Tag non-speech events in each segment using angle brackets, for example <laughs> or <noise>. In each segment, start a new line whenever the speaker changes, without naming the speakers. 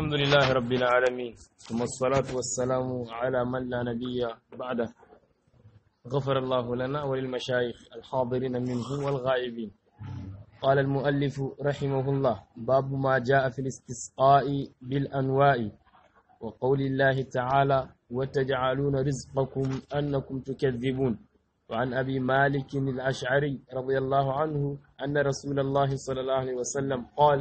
الحمد لله رب العالمين ثم الصلاة والسلام على من لا نبي بعده غفر الله لنا وللمشايخ الحاضرين منه والغائبين قال المؤلف رحمه الله باب ما جاء في الاستسقاء بالأنواء وقول الله تعالى وتجعلون رزقكم أنكم تكذبون وعن أبي مالك الأشعري رضي الله عنه أن رسول الله صلى الله عليه وسلم قال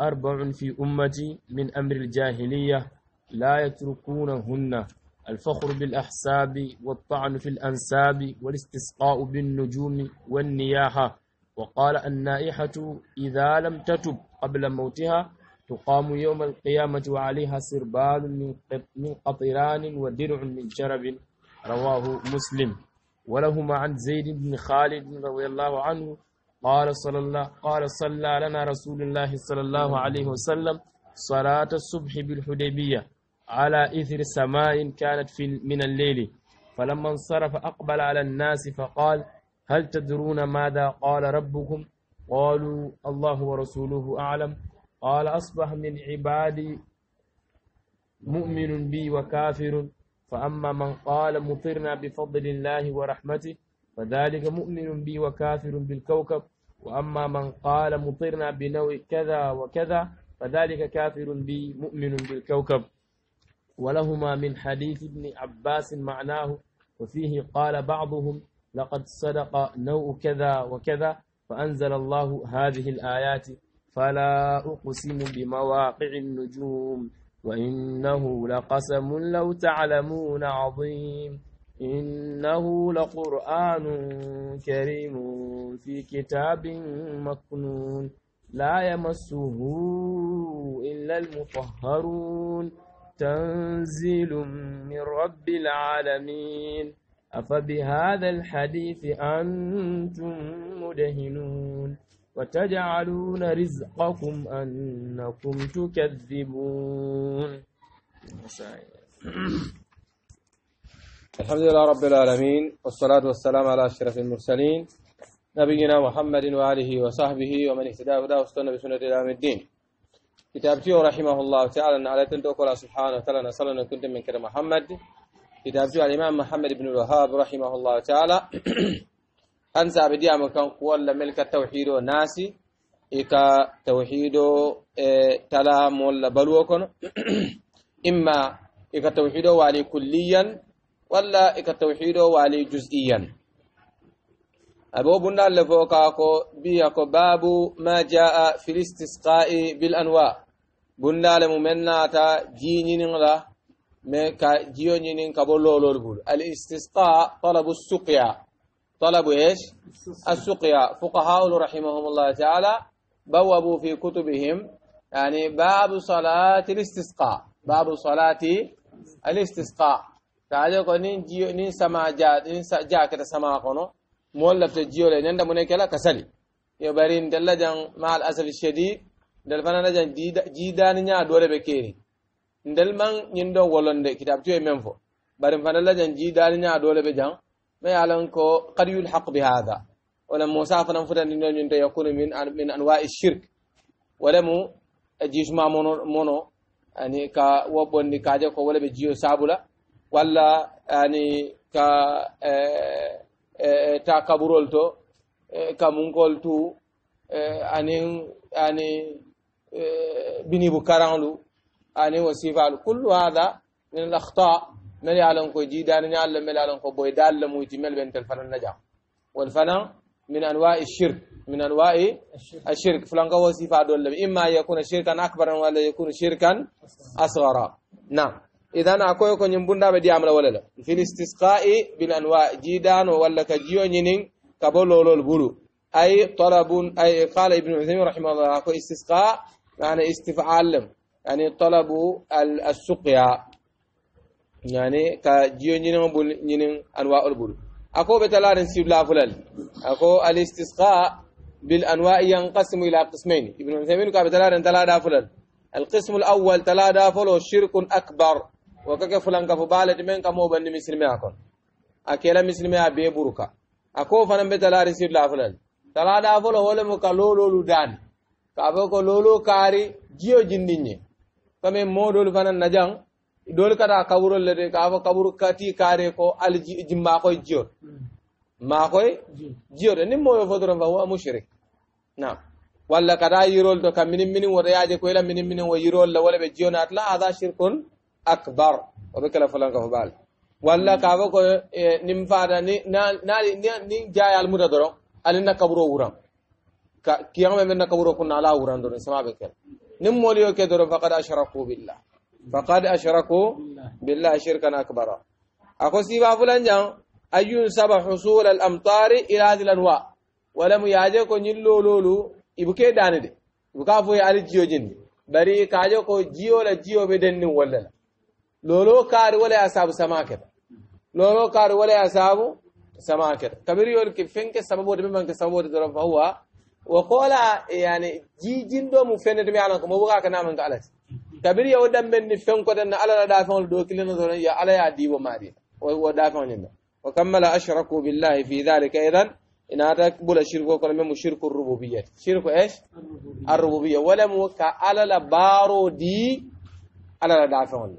أربع في أمتي من أمر الجاهلية لا يتركونهن الفخر بالأحساب والطعن في الأنساب والاستسقاء بالنجوم والنياحة وقال النائحة إذا لم تتب قبل موتها تقام يوم القيامة وعليها سربال من قطران ودرع من شرب رواه مسلم ولهما عن زيد بن خالد رضي الله عنه قال صلى الله قال صلى لنا رسول الله صلى الله عليه وسلم صلاة الصبح بالحديبية على إثر سماء كانت في من الليل فلما انصرف أقبل على الناس فقال هل تدرون ماذا قال ربكم قالوا الله ورسوله أعلم قال أصبح من عبادي مؤمن بي وكافر فأما من قال مطرنا بفضل الله ورحمته فذلك مؤمن بي وكافر بالكوكب وأما من قال مطرنا بنوع كذا وكذا فذلك كافر بي مؤمن بالكوكب ولهما من حديث ابن عباس معناه وفيه قال بعضهم لقد صدق نوء كذا وكذا فأنزل الله هذه الآيات فلا أقسم بمواقع النجوم وإنه لقسم لو تعلمون عظيم إنه لقرآن كريم في كتاب مكنون لا يمسه إلا المطهرون تنزيل من رب العالمين أفبهذا الحديث أنتم مدهنون وتجعلون رزقكم أنكم تكذبون
الحمد لله رب العالمين والصلاة والسلام على أشرف المرسلين نبينا محمد وآله وصحبه ومن اهتدى هدى واستنى بسنة إلى الدين كتابتي رحمه الله تعالى أن على تندوك الله سبحانه وتعالى أن كنت من كرم محمد كتابتي الإمام محمد بن الوهاب رحمه الله تعالى <clears throat> أنسى بدي أمكان قول ملك التوحيد والناس إكا توحيد إيه، تلا مول بلوكن <clears throat> إما إكا توحيد والي كليا ولا إك التوحيد والي جزئيا أبو بنا لفوقاكو بيكو باب ما جاء في الاستسقاء بالأنواع بنا لممناتا جينين لا مكا جيونين كبولولول بول الاستسقاء طلب السقيا طلب ايش السقيا فقهاء رحمهم الله تعالى بوابوا في كتبهم يعني باب صلاة الاستسقاء باب صلاة الاستسقاء taade ko nin jiyo nin sama ja nin jakata sama kono mool lafta jiyole nanda mune kela ka sali yo bari ndella jan ma al asal shadid ndel fanana jan jiidani ña doole ɓe keeri ndel man ñin ɗon wolonde kitab tu e men fo bari fanalla jan jiidani ña doole ɓe jan ma yalan ko kad yulhaq bi hada wala mosa fanan futani ɗo ñin to yakunu min min anwai shirk wala mu jisuma mono mono ani ka woɓɓondi kaje ko wala ɓe jiyo sabula ولا يعني كا آه، آه، آه، تا كبرول تو كمونكول تو أنين يعني بني بكرانلو أنين وسيفال كل هذا من الأخطاء من يعلم كو جيدا من يعلم من يعلم كو بويدان لم يتمل بنت الفن النجاح والفن من أنواع الشرك من أنواع الشرك فلان كو وسيفال إما يكون شركا أكبر ولا يكون شركا أصغر نعم idan akoy ko nyim bundaɓe diyamla wala la fil istisqai bil anwa jidano walla ka jiyo ñinin kabo lolol buru ay talabun ay qala ibnu uthaymin rahimahullah ko istisqa mana istifal yani talabu alsuqya yani ka jiyo ñinin bul ñinin anwa ol buru ako ɓe talarin sibla fulal ako al istisqa bil anwa yanqasimu ila qismain ibn uthaymin ko ɓe talarin tala da fulal القسم الأول تلا دافل شرك أكبر wo kake fulankafu baaleti men ka moo bandi misilimea kono a kela misilimea bee buruka a ko fanaŋ be talaari sir laafulal tala daa folo wo lemu ka looloolu daani ka fo ko looloo kaari jiyo jindin ye comme moo doolu fanaŋ najaŋ doolu kata kaburol le de ka fo kaburu kati kaari ko ali jimmaakoy jiyot maakoy jiyoto niŋ moo ye fo doroŋ fa wa mushrik naam walla kata yirol to ka minin minin woto yaaje ko ila minin minin wo yirol la wo le be jiyo naatala ada shirkun أكبر وبكلا فلان كفبال ولا كابو ن ن ن ن ن جاي على مدة درو ألينا كبرو ورم كيام من كبرو كنا لا ورم درو سما بكلا نمولي يوكي درو فقد أشركوا بالله فقد أشركوا بالله شركا أكبر أكو سيبا فلان جان أيون ينسب حصول الأمطار إلى هذه الأنواع ولم يعجك نلو لولو يبكي داندي يبكافو يعالي جيو جندي بري kaje ko jiyo la jiyo be denni walla لولو كار ولا أصحاب سما كده لولو كار ولا أصحاب سما كده كبير يقول كيف فينك سبب كسبب منك سبب كسبب ودم فهو وقال يعني جي جندو مفند بيانا كم بوكا كنا من تعالى كبير يقول دم بن فين كده أن على دافعون دوكلنا زونا يا على يا ديبو ماري ودافعون ينا وكمل أشركوا بالله في ذلك إذن إن هذا بولا شركو كلا مم شرك الربوبية شرك إيش الربوبية ولا موكا على لبارو دي على دافعون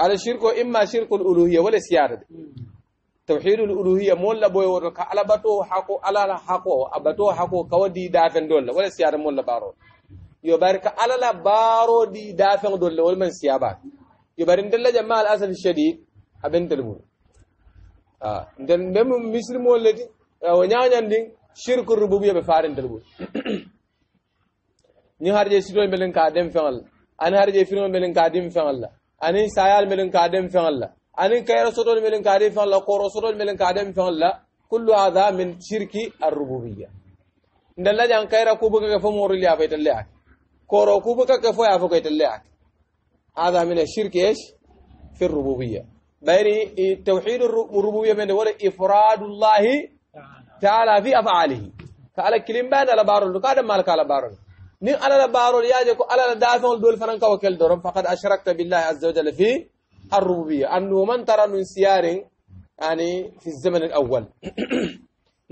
على شركه إما شرك الألوهية ولا سيارة توحيد الألوهية مولا بوي ورك على بتو حقو على حقو أبتو حقو كودي دافن دولا ولا سيارة مولا بارو يبارك على لا بارو دي دافن دولا ولا من سيابا يبارك دولا جماعة الأصل الشديد أبن تلبون آه دن بيم مصر مولا دي آه، ونيا نيا شرك الربوبية بفارن تلبون <coughs> نهار جيسيرو بلن كادم فعل أنا هرجع فيهم بلن كادم فعل الله anin sayal melin kadem fengalla anin kayra sotol melin kadem fengalla koro sotol melin kadem fengalla kullu hadha min shirki ar-rububiyya ndalla jan kayra kubuka ka fomori liya fa italle ak koro kubuka ka fo ya fo ka italle ak hadha min ash-shirki ايش في الربوبيه بين توحيد الربوبيه من ولا افراد الله تعالى في افعاله قال كلمه على بارو قال مالك على بارو نين على بارول ياجي كو على دافع دول فنان كوكل دورم فقد اشركت بالله عز وجل في الربوبيه انه من ترى من سيار يعني في الزمن الاول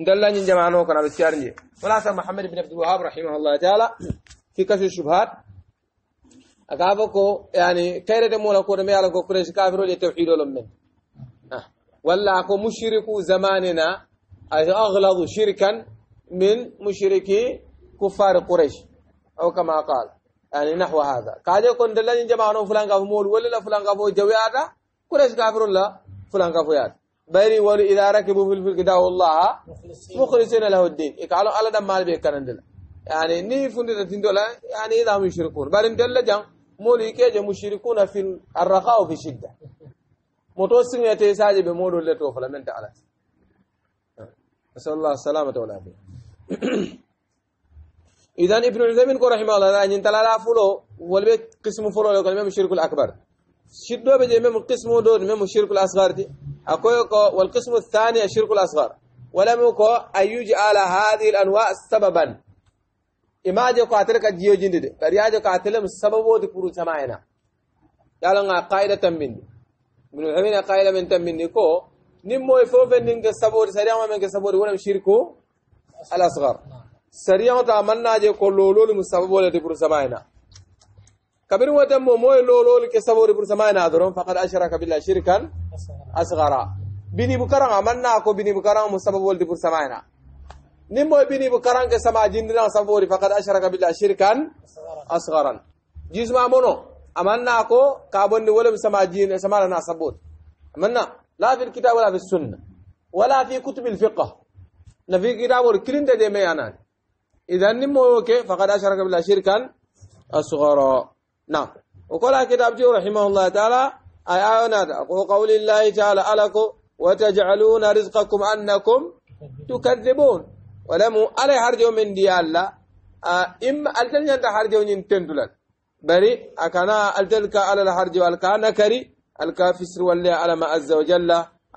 ندلني جماعه كنا بسيار ني ولا محمد بن عبد الوهاب رحمه الله تعالى في كشف الشبهات أقابكو يعني كيرد مولا كون ميالا كو كريش كافرو لي توحيد لمن آه. ولا أكو مشركو زماننا أغلظ شركا من مشركي كفار قريش أو كما قال يعني نحو هذا قال يكون دلني جماعة فلان كافو مول ولا فلان كافو جوي هذا كريش كافر الله فلان كافو ياد بيري ولو إذا ركبوا في الفلك دعوا الله مخلصين له الدين قالوا على دم مال بيك كان يعني ني فندت دولا يعني إذا مشركون يشركون بارم دل جم مولي كيج مشركون في الرخاء وفي الشدة متوسم يتساجب مولو اللي توفل من تعالى نسأل الله السلامة والعافية إذن ابن عثيمين كو رحمه الله أن ينتلا لا فلو والبي قسم فلو لو كلمة الشرك الأكبر شدو بجي مم قسم دون مم الشرك الأصغر دي أكو يكو والقسم الثاني الشرك الأصغر ولم يكو أن يجعل هذه الأنواع سببا إما جو قاتل كجيو جند دي بريا جو قاتل سببو دي برو سماعنا قالوا نعم، قاعدة تمين من عثيمين قائدة من تنبين دي نمو يفوفن ننك سبور سريعا من سبور ولم شركو الأصغر sariyaŋo ta manna je ko loololu mu sababo le ti pour samayina kabiri wo tembo moye loololu ke sabo ti pour samayina doron ashraka billah shirkan asgara bini karaŋa manna ko binibu karaŋo mu sababo le ti pour samayina nin moye binibu karaŋ ke sama jindinaŋo sababo ti ashraka billah shirkan asgaran jisuma mono amanna ko ka bonde wolem sama jin sama lana sabot amanna la fi alkitab wala fi sunna wala fi kutub alfiqh na fi kitab wal kilinde de me anan إذا نمو فقد أشرك بالله شركا الصغراء نعم وقال كتاب جو رحمه الله تعالى أي آيونا وقول الله تعالى ألكم وتجعلون رزقكم أنكم تكذبون ولم الي هرجو من دي الله إم ألتن ينتا من ينتندلن بري أكنا ألتلك على الهرجو والكان كري ألكا فسر والله على ما عز وجل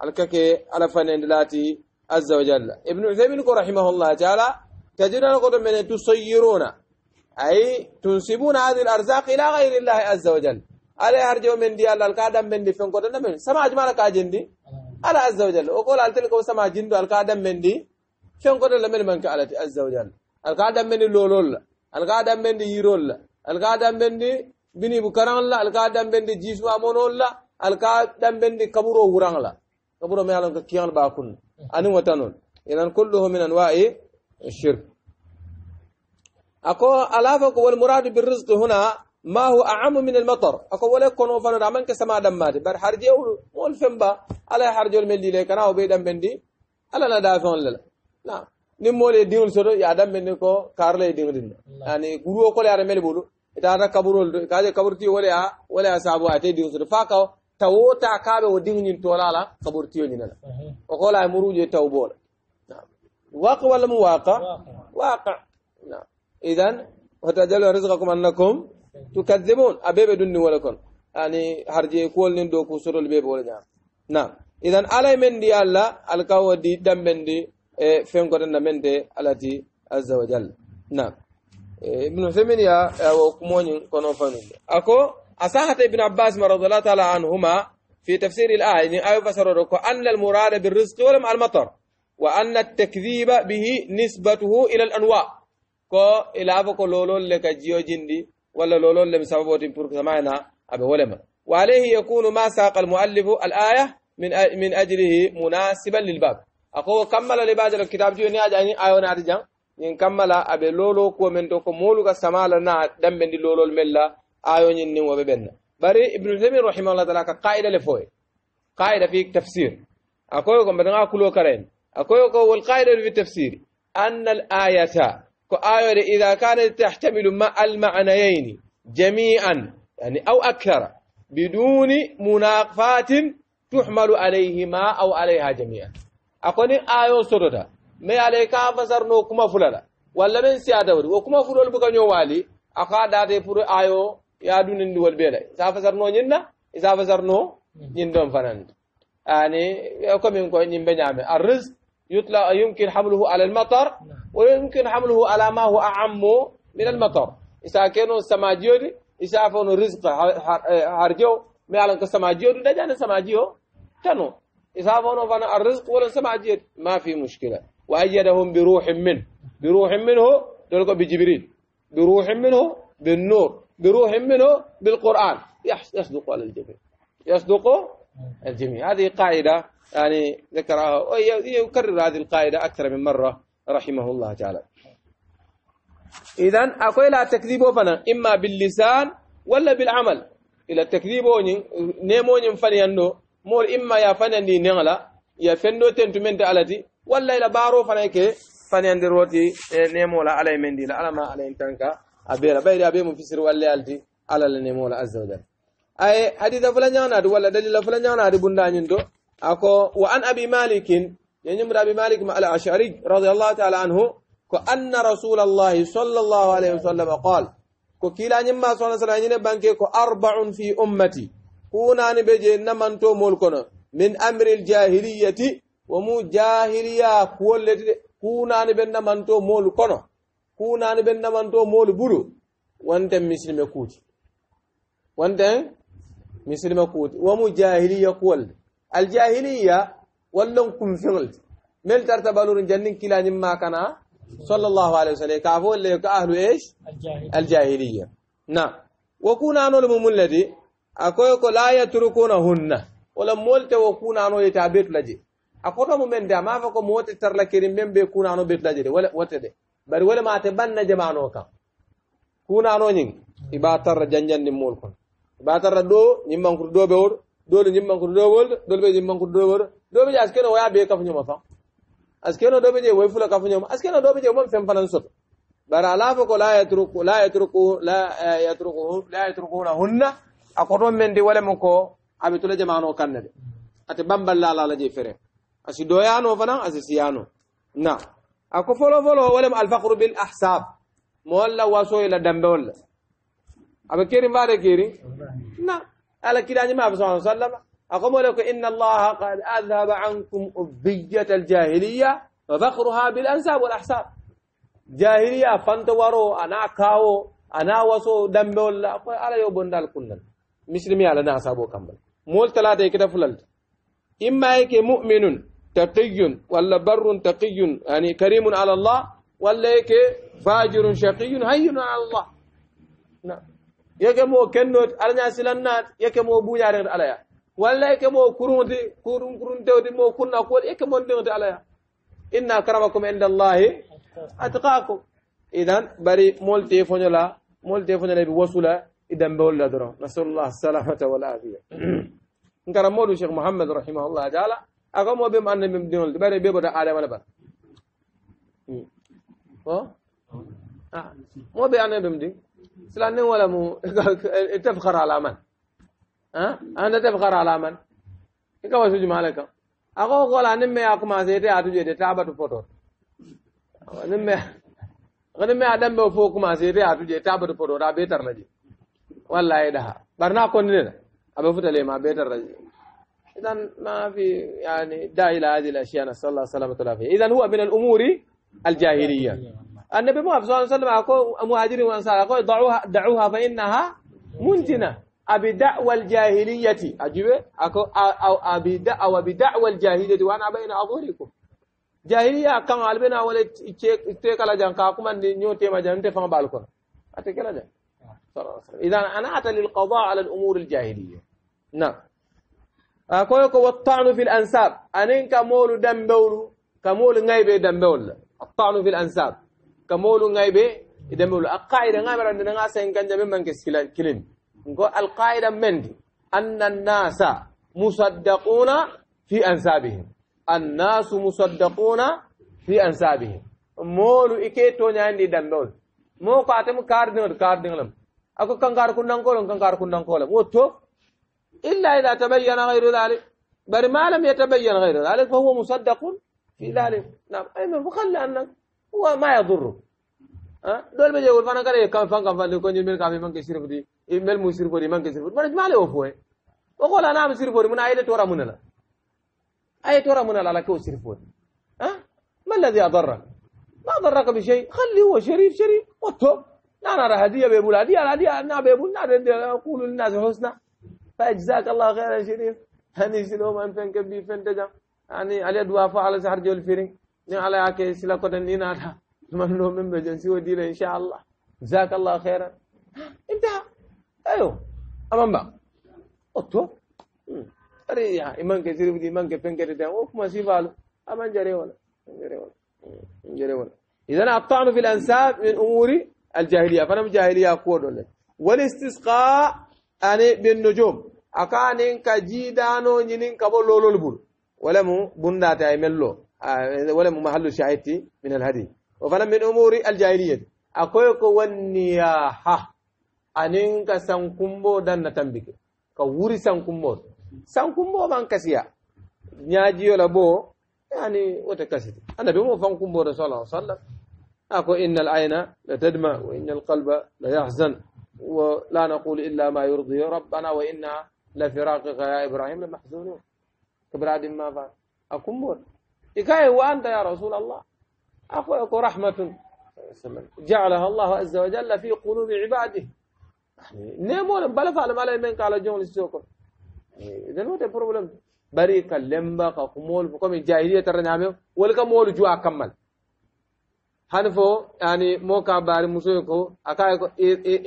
ألكا على فنين لاتي عز وجل ابن عثيمين رحمه الله تعالى كثيرا قد من تسيرون أي تنسبون هذه الأرزاق إلى غير الله عز وجل ألا هرجو من دي الله القادم من دي فنقول من سمع جمالك أجندي على عز وجل وقول تلك وسمع جند القادم من دي فنقول من من كالت عز وجل القادم من لولول القادم من دي يرول القادم من دي بني بكران الله القادم من دي جيسو أمون الله القادم من دي كبرو وران الله كبرو ميالون كيان باكون أنو وتنون إذن كله من أنواعي الشرك أكو ألافك والمراد بالرزق هنا ما هو أعم من المطر أكو ولا يكون فانو دامن كسما دمادي بار حرجي أول مول فنبا على يحرجي الملي لك أنا وبي دم بندي ألا ندافعون للا نعم نمول ديون سرو يا دم بندي كو كارلي ديون دين يعني غرو أكو يا رمل بولو إذا أنا كبر ولد كاجي كبرتي ولا ولا سابو أتي ديون سرو فاكو توتا كابو ديون ينتولا لا كبرتيو ينلا وقولا مرو جي توبول واقع ولا مو واقع واقع نعم إذا وتجعلوا رزقكم أنكم تكذبون أبيب دني ولكم يعني هرجي كل ندو كسر البيب ولا نعم إذا على من دي الله الكاو دي دم من دي إيه، فين قرنا من دي على دي عز وجل نعم إيه، ابن عثيمين يا وكمون كونو فنون أكو أصحت ابن عباس رضي الله تعالى عنهما في تفسير الآية يعني آية فسروا أن المراد بالرزق ولم المطر وأن التكذيب به نسبته إلى الأنواع كو الى فكو لولول لك جيو جندي ولا لولول لم سببوتين بورك سمعنا أبي ولما وعليه يكون ما ساق المؤلف الآية من من أجله مناسبا للباب أقول كمل لبعض الكتاب جيو نياج أي آية جان ين كمل أبي لولو كو من توكو مولو كسمالا لنا دم من لولول ملا آية نين وببنا بري ابن تيمية رحمه الله تعالى قاعدة لفوي قاعدة في تفسير أقول كم بدنا كلو كرين القائل في التفسير أن الآية كآية إذا كانت تحتمل ما المعنيين جميعا يعني أو أكثر بدون مناقفات تحمل عليهما أو عليها جميعا أكوني آية سرطة ما عليك فسرنو كما فلالا ولا من سيادة وكما فلال بكا نوالي أقاد هذه فر آية دون الدول بيلا إذا نو نينا إذا فسرنو نو دون فنان يعني كم يمكن ينبني الرزق يطلع يمكن حمله على المطر نعم. ويمكن حمله على ما هو أعم من المطر إذا كانوا سماجيو دي إذا كانوا رزق هرجو ميالن كسماجيو ده جانا سماجيو تنو إذا كانوا فانا الرزق ولا سماجيو ما في مشكلة وأيدهم بروح منه بروح منه دولك بجبريل بروح منه بالنور بروح منه بالقرآن يصدق على الجميع يصدق الجميع هذه قاعدة يعني ذكرها ويكرر هذه القاعدة أكثر من مرة رحمه الله تعالى إذا أقول لا تكذيبه فنا إما باللسان ولا بالعمل إلى تكذيبه نيمون فنيانو مور إما يا فنياندي نيالا يا فندو تنتمنت التي ولا إلى بارو فنيك فنياندي روتي إيه، نيمولا علي مندي لا ما علي تنكا أبيرا بيرا أبي مفسر ولا ألتي على النيمولا عز وجل أي حديث فلان يانا ولا دليل فلان يانا بندانين ako wa an abi malikin yenyumra abi malik al ashari radiyallahu ta'ala anhu ko anna rasulallahi sallallahu alayhi wasallam qala ko kila nyimma sallallahu alayhi wasallam banke ko arba'un fi ummati kunani be je namanto mol kono min amri al jahiliyyati wa mu jahiliya kuwolleti kunani be namanto mol kono kunani be namanto mol bulu wonte misilme kuti wonte misilme kuti wa mu jahiliya kuwolle الجاهلية ولن كم فعلت مل ترتبالون جنن كلا نما كان صلى الله عليه وسلم كافو اللي كأهل إيش الجاهلية, الجاهلية. نعم وكون أنو المملدي أكو لا يتركونهن ولا مولت وكون أنو يتابيت لجي akoto mu men de ama fa ko mo wote tarla keri men be kunano bet lajede wala wote de bari wala mate banna jamano kan kunano nyin iba tarra janjan ni mol kon iba tarra do nyimman kur do be wor dole nyimman ko dowol dole be nyimman ko dowol dole be askeno waya be kafu nyoma fa askeno dole be way fula kafu nyoma askeno dole be mom fem fanan sot bara ala fa ko la yatruku la yatruku la yatruku la yatrukuna hunna akoto men di wala mo ko abi tula jama'ano kannade ate bambal la la je fere asi doyano fana asi siyano na ako folo folo wala al faqru bil ahsab mo walla waso ila dambe walla abe keri mbare keri na على كلاني يعني ما صلى الله عليه وسلم أقول لك إن الله قد أذهب عنكم أبية الجاهلية وفخرها بالأنساب والأحساب جاهلية فانتورو أنا كاو أنا وسو أقول على يوبون دال كنن مسلمي على ناس أبو كمبل مول ثلاثة كده فللت إما هيك مؤمن تقي ولا بر تقي يعني كريم على الله ولا هيك فاجر شقي هين على الله نعم yeke mo kennoti alaña silannaati yeke mo buñaarede alaya walla yeke mo kurunti kurun kuruntewti mo kurna kuwol yeke mon ndiŋti alaya inna karamakum inda allahi atqakum idan bari moolu te foño la moolu te foño la iɓe wasu la i dambewol la doron nasalullah salamata wal afia nkara moɗu cheikh mouhammad rahimahullah taala aka mo ɓe mo annda mem ɗinolde ɓare ɓe ɓota adama la bara o mo ɓe annda mem ɗin سلانين ولا مو <laughs> تفخر على من ها انا تفخر على من إيكا وسوج مالك أقول قول أنا ما أقوم أزيد دي تابت تفطر ان ما أنا ما أدم بو بفوق ما أزيد أتوجه تابا تفطر أبي ترنجي والله ده برنا كون كوننا أبي فتلي ما بيتر ترنجي إذا ما في يعني داعي لهذه الأشياء صلى الله عليه وسلم إذا هو من الأمور الجاهلية النبي محمد صلى الله عليه وسلم أقول مهاجرين وأنصار أقول دعوها دعوها فإنها منتنة أبي دعوة الجاهلية أجيب أقول أو أبي دعوة أبي دعوة الجاهلية وأنا بين أظهركم جاهلية كان علبنا ولا تيك على جان كاكم أن نيو ما جان تفهم بالكون بالكم أتكلم جان إذا أنا أتى للقضاء على الأمور الجاهلية نعم أقول يكو والطعن في الأنساب أنين كمول بول كمول غيب بول الطعن في الأنساب كمولو غايبي إذا مولو القاعدة غامرة أن نغاسا إن كان جميع من كلم نقول القاعدة مند أن الناس مصدقون في أنسابهم الناس مصدقون في أنسابهم مولو إكيتو نياندي دمبول مو قاتم كاردنغل كاردنغلم أكو كنكار كننكولم كنكار كننكولم وتوف إلا إذا تبين غير ذلك بل ما لم يتبين غير ذلك فهو مصدق في ذلك نعم أيمن وخلي أنك هو ما يضره ها دول بيجي يقول فانا قال كان فان كان فان كون يمل كافي مانك كسير بدي يمل مسير بدي مانك كسير بدي ما له فوه وقول انا مسير بدي من عائله تورا منلا اي تورا منلا لا لك وسير بدي ها ما الذي اضرك ما ضرك بشيء خلي هو شريف شريف واتوب انا راح هديه بيقول هديه هديه انا بيقول انا اقول للناس حسنى فاجزاك الله خير يا شريف هني يعني شنو ما فين كبي فين دجا يعني علي دوافع على سحر جو الفيرين ni ala yake sila ko dan ina da man do min be jensi o dile insha Allah jazakallahu khairan انتهى ايوه امام با اوتو اري يا ايمان كثير بدي ايمان كفن كده ده وكما سي بالو امان جري ولا جري ولا جري ولا اذا الطعن في الانساب من امور الجاهليه فانا جاهليه اقول والاستسقاء يعني بالنجوم اكانن كجيدانو نين كبو لولول بول ولا مو بندا تايملو آه، ولم محل شاهدتي من الهدي وفلم من أمور الجاهلية أقولك والنياحة أنك سنكمبو دان نتنبك كوري سنكمبو سنكمبو من كسيا نياجي لبو يعني وتكسيت أنا بمو فنكمبو رسول الله صلى الله عليه وسلم أكو إن العين لتدمع وإن القلب ليحزن ولا نقول إلا ما يرضي ربنا وإنا لفراقك يا إبراهيم لمحزونون كبراد ما بعد أكمبو إكاي هو أنت يا رسول الله أخوك رحمة جعلها الله عز وجل في قلوب عباده يعني نمول بلا فعل ما لين من قال جون السكر إذا ما تي بروبلم بريك لمبا كمول بكم الجاهلية ترى نعمل ولا كمول جوا كمل هنفو يعني مو كبار مسويكو أكاي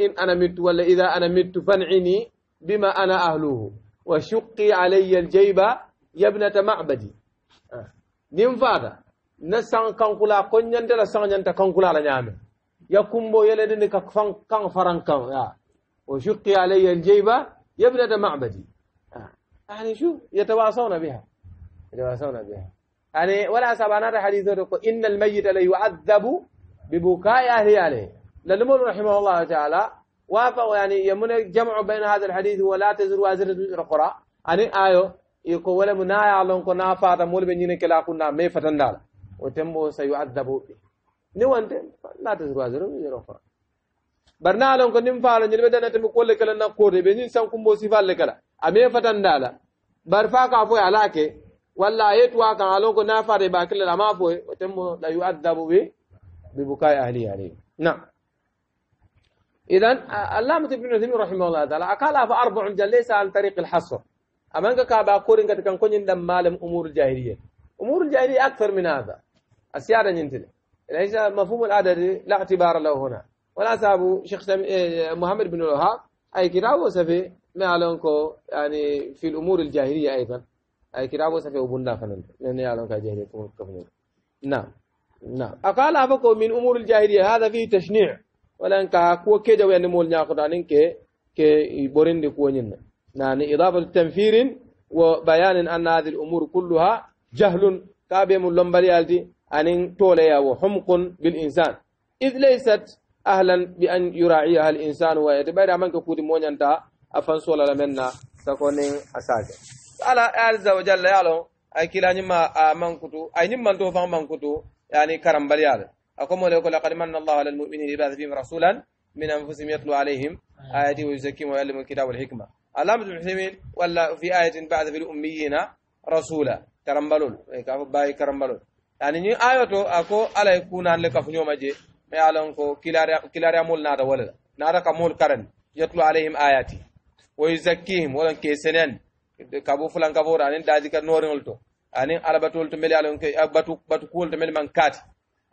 إن أنا ميت ولا إذا أنا ميت فنعني بما أنا أهله وشقي علي الجيبة يا ابنة معبدي آه. nin fata na san kankula ko nyanta la san nyanta kankula la nyame ya kumbo yele de ka fan kan faran kan ya wa shuqqi alayya aljayba ya ibnata ma'badi يعني شو يتواصون بها
يتواصون بها
يعني ولا سبانا حديث إن الميت لا يعذب ببكاء أهله عليه للمول رحمه الله تعالى وافق يعني يمن جمع بين هذا الحديث ولا تزر وازرة وزر أخرى يعني آية iko wala mu na ya lon ko na fata mol be nyine kala kunna me fatandala o tembo sayu'adabu bi ni wante la tazru azru yero fa barna lon ko nim faala nyilbe dana tem ko le kala na ko de be nyin san kumbo si falle kala a me fatandala bar fa ka fo alake walla yetu wa kan alon ko na faade ba kala ma fo o tembo la yu'adabu bi bi bukai ahli
alayhi na
إذن علامة ابن عثيمين رحمه الله تعالى أقالها في أربع ليس عن طريق الحصر أمانك كابا كورين كتكن كونين دم مالم أمور الجاهلية أمور الجاهلية أكثر من هذا السيادة ننتل ليس مفهوم العدد لا اعتبار له هنا ولا سابو شيخ إيه، محمد بن الوهاب أي كتاب وسفي ما علونكو يعني في الأمور الجاهلية أيضا أي كتاب وسفي وبندا فنن لأن يعلونك الجاهلية نعم نعم أقال أفكو من أمور الجاهلية هذا فيه تشنيع ولا أنك كو كيدا مول ناقض يعني كي كي بورين دي كوينين يعني إضافة التنفير وبيان أن هذه الأمور كلها جهل كابيم اللمبريالتي أن تولي وحمق بالإنسان إذ ليست أهلا بأن يراعيها الإنسان ويتبعي من كود مونيانتا أفن سولا لمنا تكونين أساجة على عز وجل يعلم أكيلا نما من كتو أي نما توفى من كتو يعني كرم بريال أقوم لكم لقد من الله على المؤمنين إذا فيهم رسولا من أنفسهم يطلو عليهم آياته ويزكيهم ويعلمهم الكتاب والحكمة اللهم ابن ولا في آية بعد في الأميين رسولا كرمبلول باي كرمبلول يعني ني آية أكو ألا يكون عن لك فنيوم أجي ما يعلم كو كلاريا مول نادا ولا نادا كمول كرن يتلو عليهم آياتي ويزكيهم ولا كيسنين كابو فلان كابور أنين يعني دازي كنورين ولتو أنين يعني على بتول تملي على أه، بتو بتو كول تملي من كات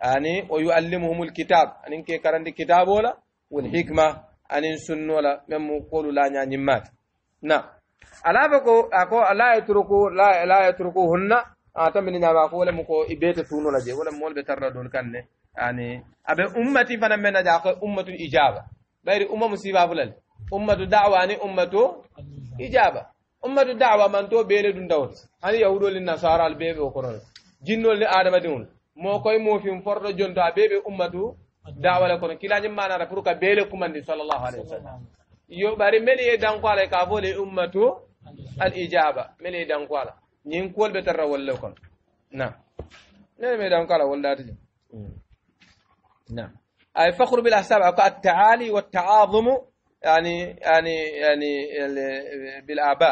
أني يعني ويعلمهم الكتاب أنين كي كرندي كتاب ولا والحكمة أنين سنة ولا مم قولوا لا نعنيمات نعم alaabako ako la yatruku la la yatrukuhunna atamini na ba ko lemu ko ibete tuno laje wala mol be tarra don kanne yani abe ummati fana mena ja ko ummatu ijaba bayri umma musiba fulal ummatu da'wa ni ummatu ijaba ummatu da'wa man to bele dun dawt hani yahudo lin nasara al bebe ko non jinnol ni adama diun mo koy mo fim fordo jonta bebe ummatu da'wa la kono kilañi manara pour ka bele kumandi sallallahu alaihi wasallam yo ɓari mbeɗe ye dankoala ka fo le ummatu al ijaba mbeɗe ye dankoala ñin kuwol ɓe tarra wolle kono na mbeɗe mbeɗe dankoala wollati jam na ay fahru bil ahsab ako attaali wattaadumu yani yani yani bil aba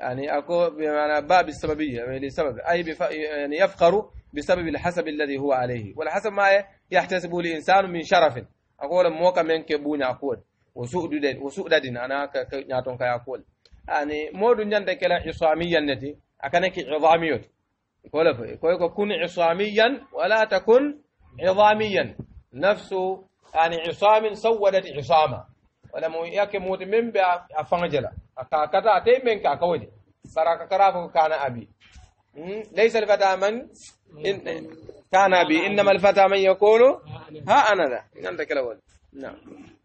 يعني أكو بمعنى باب السببية لسبب أي بف... يعني يفقر بسبب الحسب الذي هو عليه والحسب ما يحتسبه الإنسان من شرف أقول موقع من كبون أقول وسؤدد أنا ناتون كيقول يعني مود نجند كلا عصاميا نتي أكنك عظاميوت كولف كويك كن عصاميا ولا تكن عظاميا نفس يعني عصام سودت عصاما ولا مو يك موت من بأ أفنجلا أكاكتا تيمن كاكوجي سراك كرافو كان أبي ليس الفتى من كان أبي إنما الفتى من يقول ها أنا ذا نعم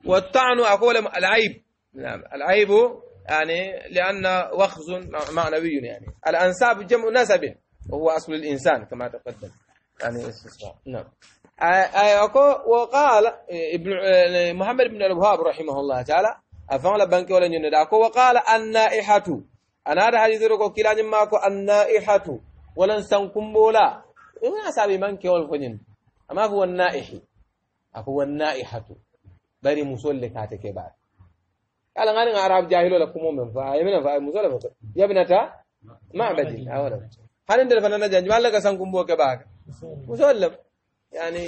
والطعن أقول العيب نعم العيب يعني لأن وخز معنوي يعني الأنساب جمع نسب وهو أصل الإنسان كما تقدم يعني استثناء نعم وقال ابن محمد بن الوهاب رحمه الله تعالى أفهم بنك ولا يندعك وقال النائحة أنا هذا حديث ركو كلا نماكو النائحة ولن سنكم بولا إيه أسابي منك والفنين أما هو النائحي أكو النائحة bari musol le kate keɓaɓe ala ngani ga arab jahilola kumomen fa yeminen fa musola fa yabinata mabadin awala hani nder fanana janjuma allah ka sankumbo keɓaka musolle yani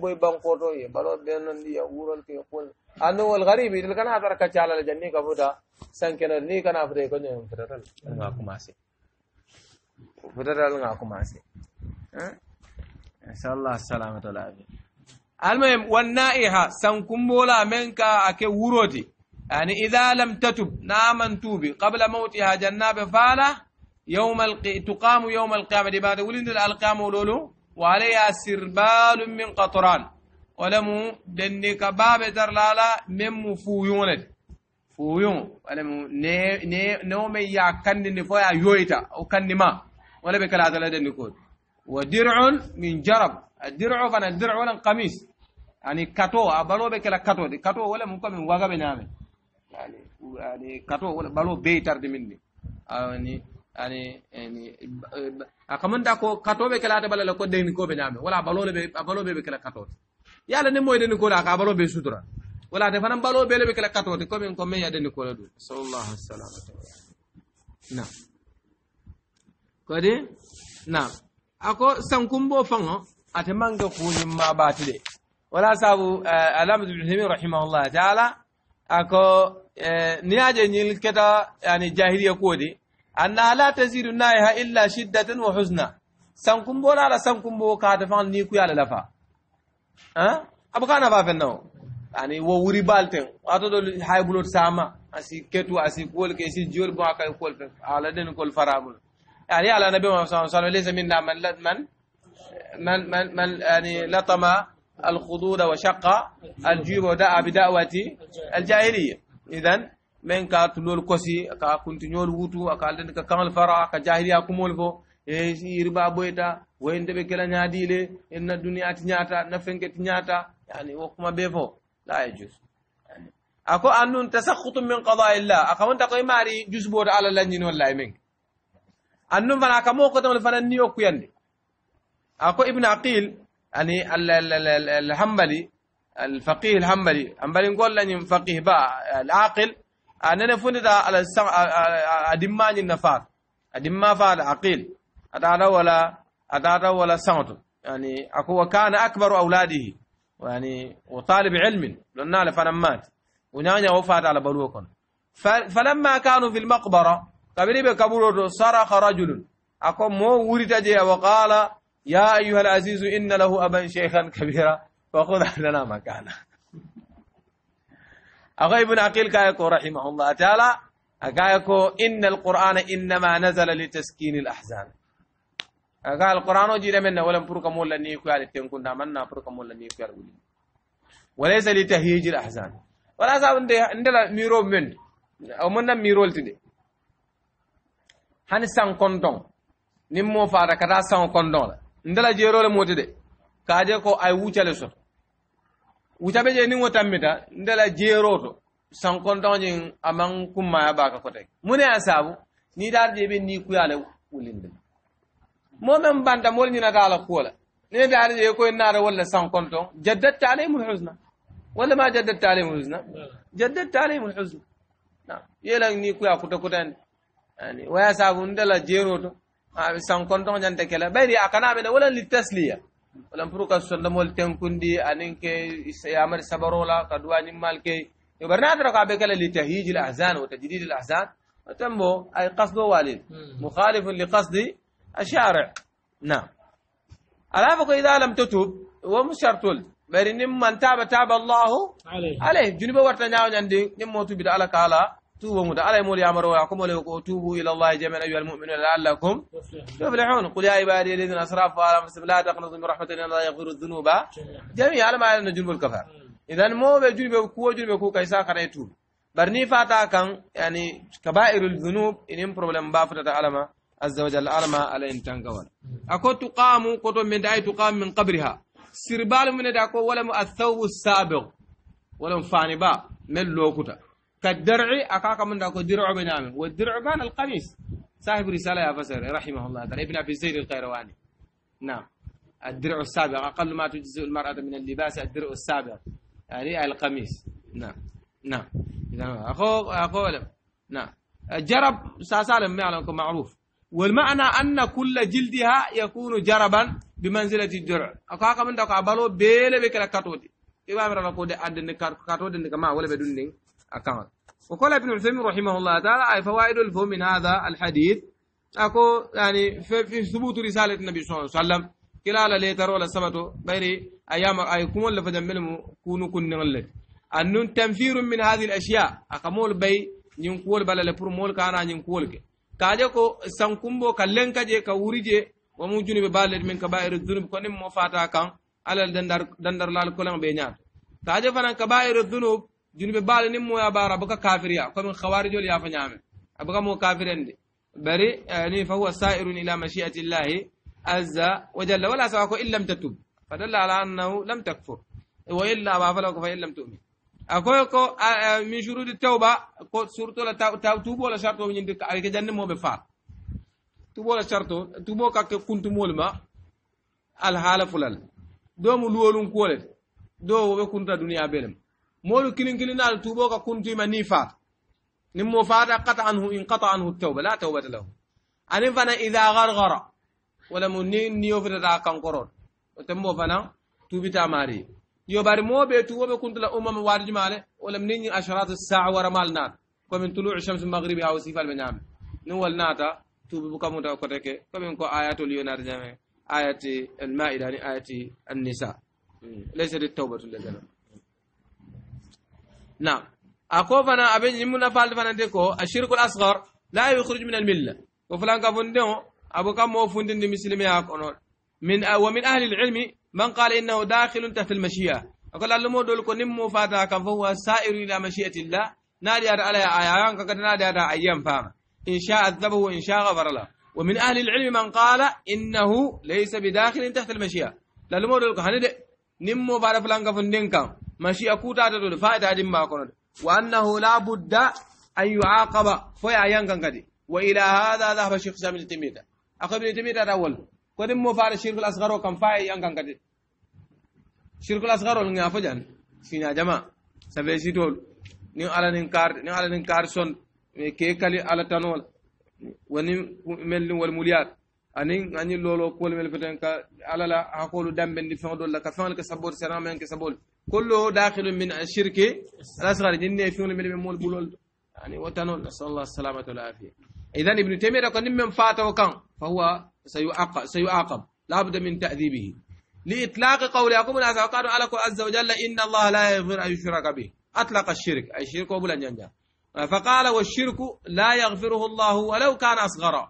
boy bankoto ye ɓaɗo ɓe noon ɗi ya wurol ke kol annowol garibe itel kana tara kaccalala jan ni ka fota sankenode ni kana fota ko ñoen fotatal ga commencé fotatal ga commencé inchallah salamatu alafia المهم والنائحة سنكمبولا منك أكي ورودي يعني إذا لم تتب ناما توبي قبل موتها جناب فالة يوم الق... تقام يوم القيامة بعد ولد القيامة ولولو وعليها سربال من قطران ولمو دنك باب ترلالا من مفويون فويون ولمو ني ني نومي يا كن نفويا يويتا أو كن ما ولا بكلا هذا لدنكود ودرع من جرب الدرع فانا الدرع ولا قميص ani kato a balo be kela kato de kato wala mun ko min waga be name yani yani kato wala balo be tarde min ni ani ani ani akamanda ko kato be kela ta bala ko de ni ko be name wala balo be balo be kela kato yala ne moy de ni ko la ka balo be sutura wala de fanan balo be le be kela kato de ko min ko men ya de ni ko la du sallallahu alaihi wasallam na kodi na ako sankumbo fango ate manke kuñimma baati de ولا ساب علامه آه، ابن تيميه رحمه الله تعالى اكو آه، نياج نيل كدا يعني جاهليه كودي ان لا تزيد النايه الا شده وحزنا سنكم بولا لا سنكم بو كاد فان نيكو يالا لفا ها ابو كان فا فنو يعني و وري بالتين اتو هاي بلوت ساما اسي كتو اسي كول كي سي جول بو اكاي كول على دين كول فرابل يعني على النبي محمد صلى الله عليه وسلم ليس منا من من من من يعني لطمه الخدود وشق الجيب ودعا بدعوة الجاهلية إذن من كاتلول كوسي كاكونتينيول ووتو لنك كان الفرع كجاهلية كمول فو يربا بويتا وين تبي كلا ناديلي إن الدنيا تنياتا نفنك تنياتا يعني وكما بيفو لا يجوز يعني أكو أنون تسخط من قضاء الله أكو أنت قوي ماري جزء بود على لنجين والله منك أنون فانا كمو قدم الفنان نيوكو يندي أكو ابن عقيل يعني الحنبلي الفقيه الحنبلي حنبلي نقول لني فقيه با العاقل أنا نفند على ادم ماني النفاق ما فعل عقيل أدار ولا أدار ولا صمت يعني أكو كان أكبر أولاده يعني وطالب علم لأنه فلما مات ونعني وفات على بلوكن فلما كانوا في المقبرة قبل بكبر صرخ رجل أكو مو ورد وقال يا أيها العزيز إن له أبا شيخا كبيرا فخذ لنا مكانا أغيب عقيل كايكو رحمه الله تعالى أكايكو إن القرآن إنما نزل لتسكين الأحزان أكا القرآن وجد منا ولم برك مولا نيكو يالي تنكونا منا برك مولا نيكو يالي وليس لتهيج الأحزان ولا سابن عند عندنا ميرو من أو منا ميرو لتدي هن سان كوندون نمو فارا كتا سان كوندون ndala jeerole moote de kaaje ko ay wuccale soto wucaɓe je nin wo tammita ndala jeero to sankontoñin aman kummaya baka kotek mune a saabu ni daar je ɓe ni kuyale wulinde momen banta mol ñinata ala kuwola ne daar je koye naata walla sankonton jaddatta alayhimul husna walla ma jaddatta alayhimul husna jaddatta alayhimul husna yelan ni kuya kuta kutande yani waya saabu ndala jeero to sankonton jante kela bayri akana be wala litasliya wala pour ka sonda mol tenkundi anin ke yamal sabarola ka duwani malke barna dara ka be kala litahij al ahzan wa tajdid al ahzan tambo ay qasd walid mukhalif li qasd ashari' نعم ألافك إذا لم تتوب ومشرتول bari nin man taba taba allahu alayhi junibe warta ñawñandi nin motuɓiɗa ala kaala توبوا متى على مول يامر ويعقوم ولو توبوا الى الله جميعا ايها المؤمنون لعلكم تفلحون قل يا عبادي الذين اسرفوا على انفسهم لا تقنطوا من رحمه الله يغفر الذنوب جميعا ما على جنب الكفر اذا مو بجنب كو جنب كو كيسا كان يتوب برني فاتا كان يعني كبائر الذنوب ان بروبلم با فتتا علما عز وجل علما على ان تنقول اكو تقام كتب من داي تقام من قبرها سربال من داكو ولا الثوب السابق ولا فاني با من لوكوتا كالدرع اكاكا من داكو درع بنامه والدرع بان القميص صاحب رسالة يا فسر رحمه الله تعالى ابن أبي زيد القيرواني نعم الدرع السابق أقل ما تجزئ المرأة من اللباس الدرع السابق يعني القميص نعم نعم إذا أخو أخو نعم الجرب سالم معلومكم معروف والمعنى أن كل جلدها يكون جربا بمنزلة الدرع اكاكا من داكو أبالو بيلي بكلا كاتودي إبامر لكودي أدن كاتودي نكما ولا بدون account وقال ابن عثيمين رحمه الله تعالى أي فوائد الفهم من هذا الحديث أكو يعني في في ثبوت رسالة النبي صلى الله عليه وسلم كلا لا ترى ولا سبتو بيري أيام أي كم ولا فدم فدملم كونوا كن لك أن تنفير من هذه الأشياء أقمول بي نينكول بلا لبرمول كان نينكول كي kaje ko sankumbo ka lenkaje ka wurije wo mu junube ballet min kabairu dunub ko nim mo fata kan alal dandar dandar lal kolam جنوب بال نم مو يبارا بكا كافر يا كم خوارج ولا يافن يامه أبغى مو كافرين عندي بري يعني فهو سائر إلى مشيئة الله عز وجل ولا سواك إن لم تتوب فدل على أنه لم تكفر وإلا بافلك فإن لم تؤمن أقول لك من شروط التوبة صورت ولا توب ولا شرط من عندك على كجنة مو بفار توب ولا شرط توب كك كنت مولما الحالة فلان دوم لولون كولت دو بكون الدنيا بينهم مولو كلين كلين على توبوك كن تيما نيفا نمو فاتا قطع عنه إن قطع عنه التوبة لا توبة له أنا فانا إذا غرغر ولا مني نيوفر دا كان قرر تمو فانا توبي تاماري يو باري مو بي توبة كنت لأمم وارج مالي ولا مني أشرات الساعة ورمال نار ومن طلوع الشمس المغربي أو سيفا المنام نوال ناتا توبي بكا موتا وكتك ومن كو آيات اليونار جامعي آيات المائدة يعني آيات النساء ليس للتوبة للجنم نعم أكو فنا ابي يمنا فالد فانا ديكو الشرك الأصغر لا يخرج من الملة وفلان كفندو أبو كم وفندن دي مسلمي أكونون من آه، ومن أهل العلم من قال إنه داخل تحت المشيئة أقول الله دول كن مو فاتا كان فهو سائر إلى مشيئة الله نادي على على أيام كذا نادي على أيام فاهم إن شاء عذبه وإن شاء غفر له ومن أهل العلم من قال إنه ليس بداخل تحت المشيئة للمو دول نمو بعد فلان كفندن كم ماشي أكوتا تدل فائدة ما كنت وأنه لا بد أن يعاقب فيا ينكن قدي وإلى هذا ذهب الشيخ سامي التميدة أخو ابن تيمية الأول قد مو فارس الشرك الأصغر وكم فاي ينكن قدي الشرك الأصغر ولن يفجان سينا جماعة سبيسي دول نيو على ننكار نيو على ننكار سون كيكالي على تنول ونيم ملن والمليار anin ani lolo kol mel feten ka alala hakolu dambe ndi fen do la ka fen ka sabol sera men ka sabol kullu dakhilun min ashirki alasghar jinne fen mel mol bulol yani watanol nasallallahu salamata wal afiya idan ibn taymiyyah ko nimmen fata kan fa huwa sayuaqab sayuaqab la budda min ta'dhibihi li itlaq qawli aqum nas qalu ala qul azza wa jalla inna allaha la yaghfir an yushraka bih اطلق الشرك اي شرك وبلا فقال والشرك لا يغفره الله ولو كان اصغرا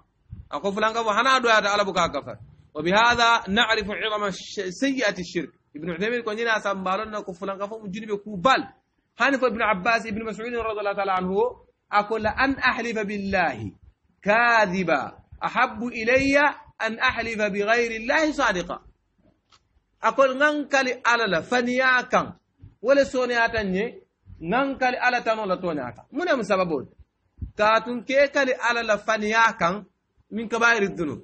أقول فلان كفر هنا دعاء على بكا كفر وبهذا نعرف عظم سيئة الشرك ابن عثيمين كون جينا سامبارون نكو فلان كفر مجنب جنب كوبال هنف ابن عباس ابن مسعود رضي الله تعالى عنه أقول أن أحلف بالله كاذبا أحب إلي أن أحلف بغير الله صادقا أقول ننكل على فنياكا ولا سونياتا ني ننكلي على تنو لا تونياكا من هم سببون كاتون كيكل على فنياكا من كبائر الذنوب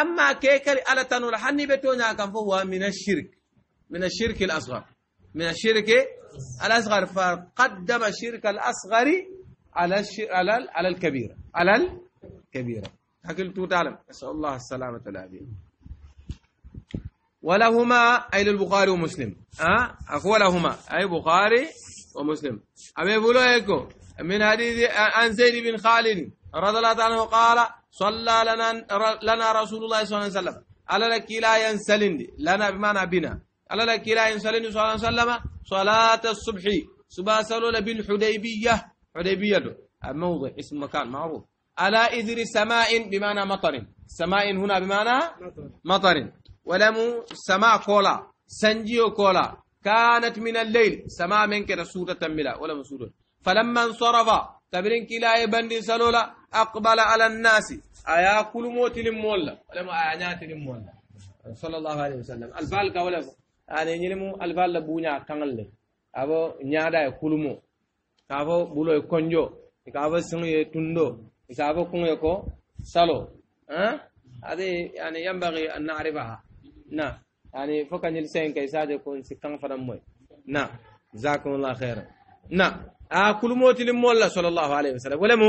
أما كيكري ألا تنو حني بتونيا كان فهو من الشرك من الشرك الأصغر من الشرك الأصغر فقدم الشرك الأصغر على الشر... على على الكبير على الكبيرة حكيت تعلم نسأل الله السلامة والعافية ولهما أي للبخاري ومسلم أه أخو لهما أي بخاري ومسلم أبي بقولوا من حديث عن زيد بن خالد رضي الله عنه قال صلى لنا لنا رسول الله صلى الله عليه وسلم على لك لا ينسلند لنا بمعنى بنا على لك لا ينسلند صلى الله عليه وسلم صلاة الصبح صبا سلول بالحديبية حديبية الموضع اسم مكان معروف على إذر سماء بمعنى مطر سماء هنا بمعنى مطر ولم سماء كولا سنجيو كولا كانت من الليل سماء منك سورة ملا ولم سورة فلما انصرف تبرين كلا يبندي سلولا أقبل على الناس أيا كل موت للمولى ولم أعنات للمولى صلى الله عليه وسلم الفال كولا أنا نيلمو الفال لبونيا كانلي أبو نيادا مو أبو بلو كونجو أبو سنو يتندو أبو كابو يكو سلو ها هذه يعني ينبغي أن نعرفها نا يعني فكان السين كيساجكم سكان فرموي نا جزاكم الله خيرا نعم أكل موت المولى صلى الله عليه وسلم ولم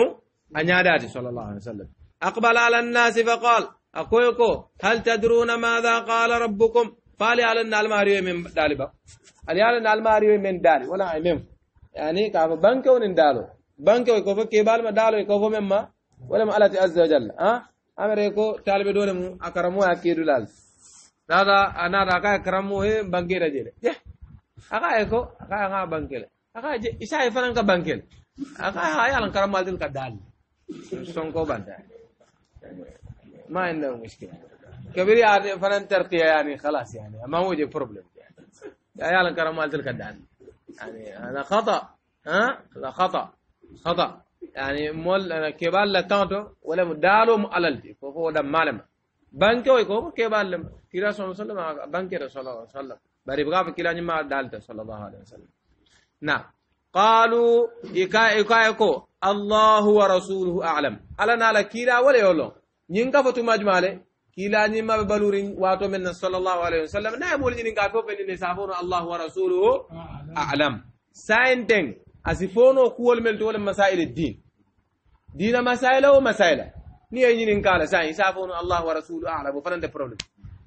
أن يعداتي صلى الله عليه وسلم أقبل على الناس فقال أكويكو هل تدرون ماذا قال ربكم فالي على النال ماريو من دالبا علي على النال ماريو من دال ولا عمم يعني كاف بنكو من دالو بنكو يكوفو كيبال ما دالو يكوفو مما ولم على عز وجل ها أمريكو طالب دون أكرمو أكيد لال هذا أنا راكا أكرمو هي بنكي رجل يه أكا يكو أكا aka isa fanan ka bankel aka hayalan karamal din ka dal sonko banda ما عندهم مشكله كبير يعني فلن ترقيه يعني خلاص يعني ما هو problem يعني عيال كرم تلك الدعم يعني هذا خطا ها هذا خطا خطا يعني مول انا كبال لتانتو ولا مدالو علل فهو دم مالما بانكو ويكو كبال كلا صلى الله عليه وسلم بنك رسول الله صلى الله عليه وسلم بري بقى في كلا ما دالته صلى الله عليه وسلم نعم قالوا يكا يكا إكو الله ورسوله أعلم ألا نالا كيلا ولا يولو نينكا فتو مجمالي كيلا نيما ببلورين واتو من صلى الله عليه وسلم نا يقول نينكا فوق إن نسافون الله ورسوله أعلم ساينتين أسفونو كول ملتول مسائل الدين دين مسائل ومسائل ni ye ñinin kala sa isa fonu allah wa rasulu a'lam bo fanande problème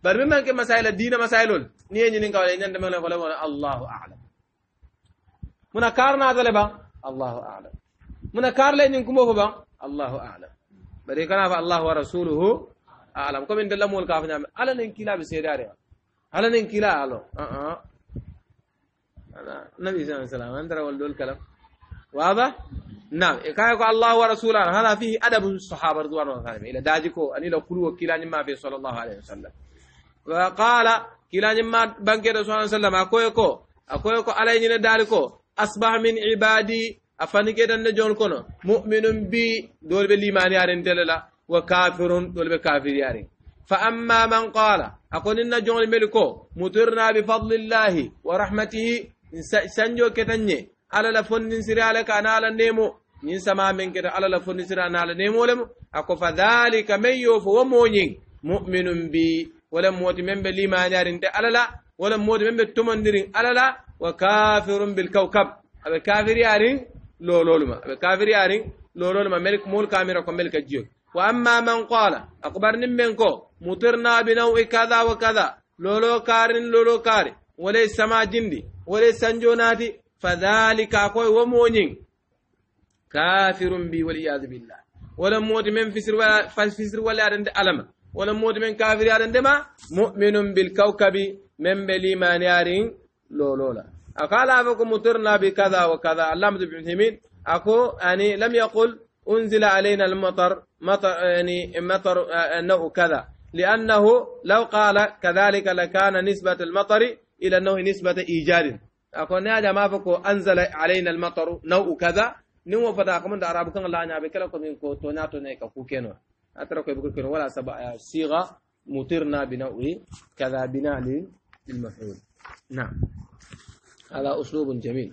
bar min manke masayla dina masaylol ni ye ñinin kala ñande mala wala wala allah a'lam من كار نازل با الله أعلم من كار لين كم با الله أعلم بريكنا كنا الله ورسوله أعلم كم إن الله مول كافنا على نكلا بسيرة على نكلا على أه آه النبي صلى الله عليه وسلم أنت رأول دول كلام واضح نعم كايكو الله ورسوله هذا فيه أدب الصحابة رضوان الله عليهم إلى داجكو أن إلى كلوا كلا نما في صلى الله عليه وسلم وقال كلا نما بنك رسول الله صلى الله عليه وسلم أكو أكو يكو يكو على عليه داركو أصبح من عبادي أفاني كده نجون كنا مؤمن بي دول بالإيمان يارين تللا وكافر دول بكافر يارين فأما من قال أقول إن جون ملكو مطرنا بفضل الله ورحمته سنجو كتنجي على لفن سري على كان على نيمو نين سما من كده على لفن سري على نيمو لم أكو فذلك من يوف ومونين مؤمن بي ولم موت من بلي ما نارين على ولم موت من بتمندرين على لا وكافر بالكوكب أبي كافر يعني لو لولما أبي كافر يعني لو لولما ملك مول كاميرا ملك الجيوك وأما من قال أخبرني منكو مطرنا بنوع كذا وكذا لولو كارن لولو كاري ولي سما جندي ولي سنجوناتي فذلك أقوي ومونين كافر بي والعياذ بالله ولا موت من فسر ولا فسر ولا عند ألم ولا موت من كافر عند ما مؤمن بالكوكب من بلي ما نارين لو لا أقال أفكم مطرنا بكذا وكذا علامة ابن تيمين أكو يعني لم يقل أنزل علينا المطر مطر يعني مطر أنه كذا لأنه لو قال كذلك لكان نسبة المطر إلى أنه نسبة إيجاد أكو يا ما فكو أنزل علينا المطر نوع كذا نوء فداكم من دا الله نبي كلا كمن كو تونا تونا كفو كنوا أترك ولا سبع آه، صيغة مطرنا بنوع كذا بناء للمفعول نعم هذا أسلوب جميل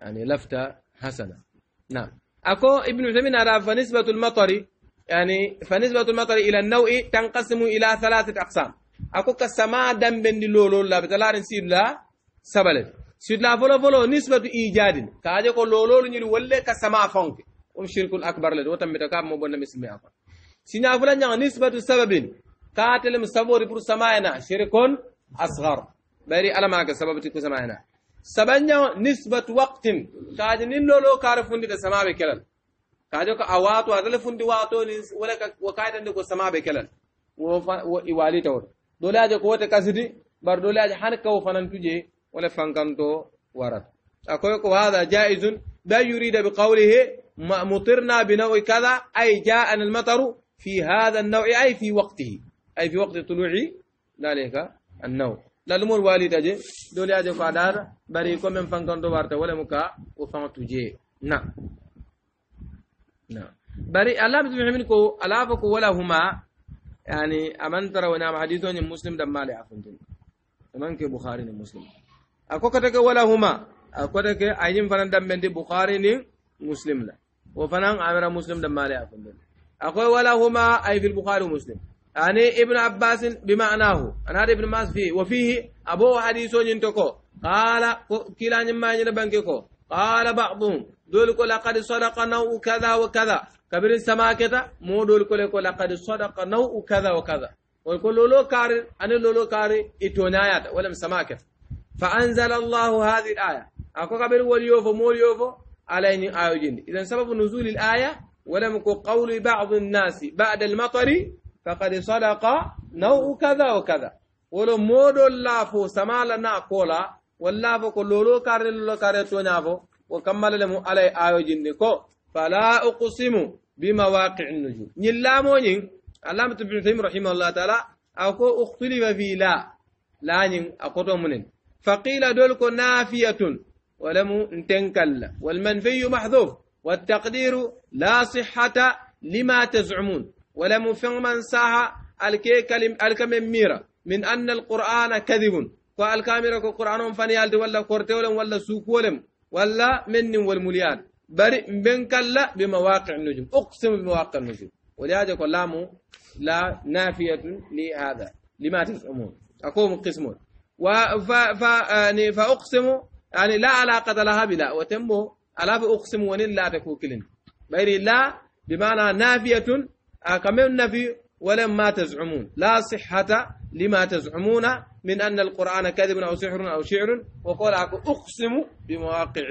يعني لفتة حسنة نعم أكو ابن عثيمين أرى فنسبة المطر يعني فنسبة المطر إلى النوع تنقسم إلى ثلاثة أقسام أكو كسما دم بن لولو لا بتلارن سيد لا سبلة سيد لا فلو فلو نسبة إيجاد كاجي كو لولو نيرو ولا كسما فونك والشرك الأكبر لد وتم بتكاب مبنى مسلمي أكبر سينا فلان يعني نسبة سبب كاتل مسبور بر سماينا شركون أصغر بري ألم هكا سبب تكو سماينا سبنيا نسبة وقت كاد نلو لو كار فندي السماء بكلن كاد يك أوات وادل فندي واتو نس ولا ك وكاد عندك السماء بكلن وف وإيوالي تور دولا جو قوة كاسدي بار دولا جو هن كوا فنان تجي ولا فنكان تو وارد أكو يك هذا جائز دا يريد بقوله مطرنا بنوع كذا أي جاء المطر في هذا النوع أي في وقته أي في وقت طلوعي ذلك النوع lalumol walita je dole aje ko aɗar ɓari commen fankanto warta wala mu ka o fantu je na na bari allah bi tumimin ko ala fa ko wala huma yani aman tara wani ama hadithu ne muslim dan mali afundin aman ke bukhari ne muslim ako kata ke wala huma ako kata ke ayin fanan dan bende bukhari ne muslim la wa fanan amira muslim dan mali afundin akwai wala huma ay fil bukhari muslim يعني ابن عباس بمعناه أنا هذا ابن عباس فيه وفيه أبو حديثه ينتقو قال كلا نما ينبنكو قال بعضهم دول كل لقد صدق نوء كذا وكذا كبير السماكة مو دولكو كل لقد صدق نوء كذا وكذا ويقول لو كار أنا لولو كاري إتونايات ولم سماكة فأنزل الله هذه الآية أكو كبير وليوفو موليوفو عليني آية جند إذا سبب نزول الآية ولم قول بعض الناس بعد المطر فقد صدق نوع كذا وكذا ولو اللافو سما لنا ناكولا واللافو كلولو كارل لولو كارل تونافو وكمل لهم علي آيو جنكو فلا أقسم بمواقع النجوم نلامو نين علامة ابن تيم رحمه الله تعالى كو اختلف في لا لا نين أكو منين فقيل دولكو نافية ولم انتنكل والمنفي محذوف والتقدير لا صحة لما تزعمون ولم فين من ساها الكي كلم الكم ميرا من أن القرآن كذب فالكاميرا كقرآن فنيالد ولا كورتولم ولا سوكولم ولا من والمليان بر من كلا بمواقع النجوم أقسم بمواقع النجوم ولهذا يقول لام لا نافية لهذا لما تزعمون أقوم قسمون وف ف يعني فأقسم يعني لا علاقة لها بلا وتم ألا فأقسم ونلا تكوكلن بير لا بمعنى نافية أكملنا في ولما تزعمون لا صحة لما تزعمون من أن القرآن كذب أو سحر أو شعر وقال أقسم بمواقع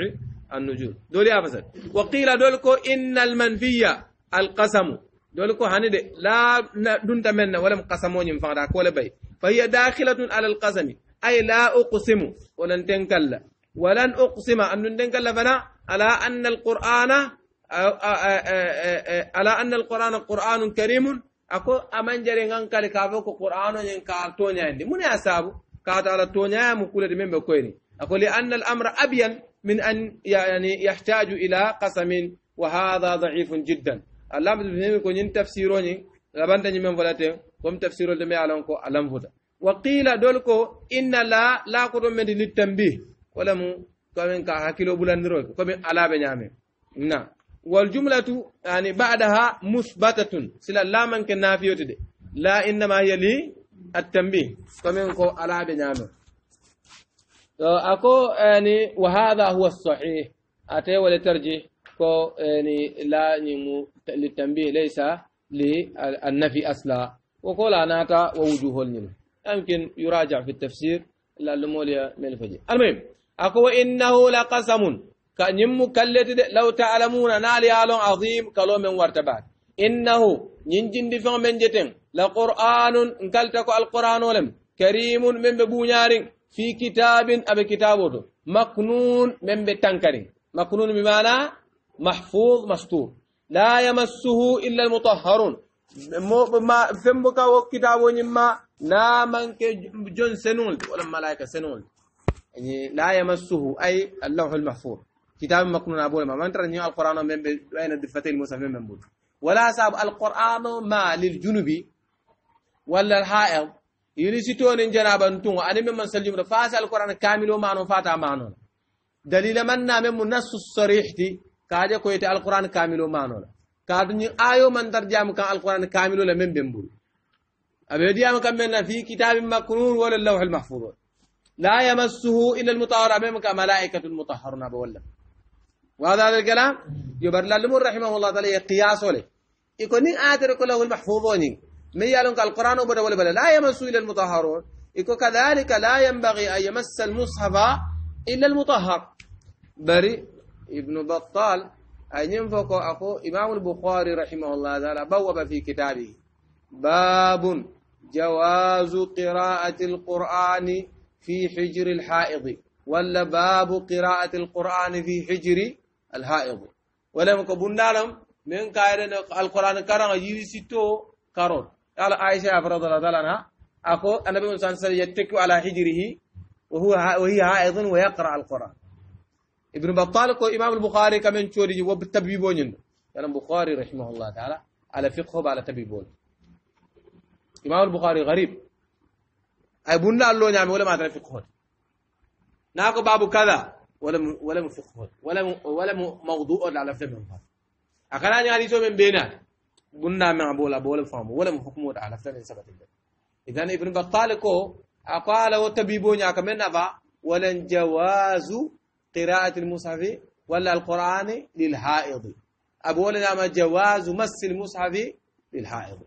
النجوم دول أفسد وقيل دولكو إن المنفية القسم دولكو هند لا دنت منا ولم قسموني ينفعنا كل بي فهي داخلة على القسم أي لا أقسم ولن تنكل ولن أقسم أن تنكل فنا على أن القرآن على أن القرآن قرآن كريم أكو أمن جرين عن كلي كافوكو قرآن ينكار كارتونيا عندي من أسابو كات على تونيا مكولة من بكويني أقول لأن الأمر أبين من أن يعني يحتاج إلى قسم وهذا ضعيف جدا اللام يكون ين تفسيروني لبنت من فلاتين تفسير لما يعلمكو ألم فدا وقيل دولكو إن لا لا كتب من للتنبيه ولم كمن كيلو بلندروك كمن ألا بنيامين نعم والجملة يعني بعدها مثبتة سلا لا من كان نافية دي لا إنما هي لي التنبيه كمن قو على بنعمة أكو يعني وهذا هو الصحيح أتي ترجي كو يعني لا نمو للتنبيه ليس للنفي أصلا وقول أنا ووجوه النمو يمكن يراجع في التفسير لا لموليا من الفجر المهم أكو إنه لقسم كنيم مكلت لو تعلمون نالي عالم عظيم كلو من ورتبات إنه ننجن دفن من جتن لقرآن انكالتكو القرآن ولم كريم من ببونيار في كتاب أبي كتابه مكنون من بتنكر مكنون بمعنى محفوظ مستور لا يمسه إلا المطهرون ما فمك وكتاب لا نامن جن سنول ولا ملائكة سنول لا يمسه أي اللوح المحفوظ كتاب مكنون ابو ما انت ني القران من بين الدفتين موسى من منبود ولا حساب القران ما للجنوب ولا الحائض يلسيتون جناب انتم ان من سلم فاس القران كامل وما نو فاتا ما نو دليل من نام من نص الصريح دي كاد كويت القران كامل وما نو كاد ني ايو من ترجم كان القران كامل ولا من بنبول ابي دي ام كم من في كتاب مكنون ولا اللوح المحفوظ لا يمسه الا المطهر امامك ملائكه المطهرون بولك وهذا هذا الكلام يبر للمر رحمه الله تعالى قياس له يكون آتر كله المحفوظون من يالون القرآن وبر ولا بلا لا يمس إلى المطهرون يكون كذلك لا ينبغي أن يمس المصحف إلا المطهر بري ابن بطال أن ينفق أخو إمام البخاري رحمه الله تعالى بوب في كتابه باب جواز قراءة القرآن في حجر الحائض ولا باب قراءة القرآن في حجر الهائض ولم يكن كبندانم من كايرن القرآن كرنا يسيتو كارون قال عائشة رضي الله عنها أكو النبي صلى الله عليه وسلم يتكئ على حجره وهو وهي حائض ويقرأ القرآن ابن بطال كو إمام البخاري كمان تشوري وبتبيبون يعني البخاري رحمه الله تعالى على فقه على تبيبون إمام البخاري غريب أي بنا الله نعمل يعني ما تعرف فقه ناكو باب كذا ولا م... ولا فقه ولا م... ولا م... موضوع على فهم من أكنا أني هذه من بينا بنا مع بولا بولا فهم ولا حكم على فهم سبت إذا ابن بطال كو أقال وتبيبون يا كمان نبا ولا جواز قراءة المصحف ولا القرآن للحائض أقول لما نعم جواز مس المصحف للحائض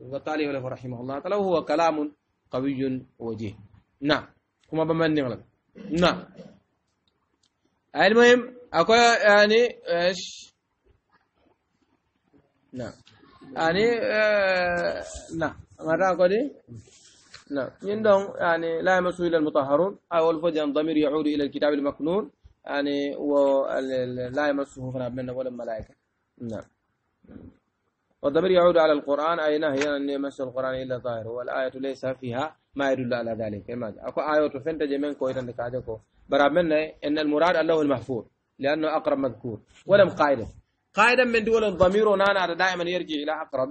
ابن بطال وله رحمه الله تعالى هو كلام قوي وجيه نعم كما بمن نعم المهم اكو يعني ايش نعم يعني إيه، نعم مرة أقول نعم عندهم يعني لا يمسوا الا المطهرون او الفجر ضمير يعود الى الكتاب المكنون يعني ولا يمسه غراب من ولا الملائكه نعم والضمير يعود على القران اي نهي ان يمس القران الا ظاهره والايه ليس فيها ما يدل على ذلك لماذا إيه اكو ايات فنت جمن كو يتن كاجكو برامن ان المراد الله المحفوظ لانه اقرب مذكور ولم قاعده قاعده من دول الضمير ونانا دائما يرجع الى اقرب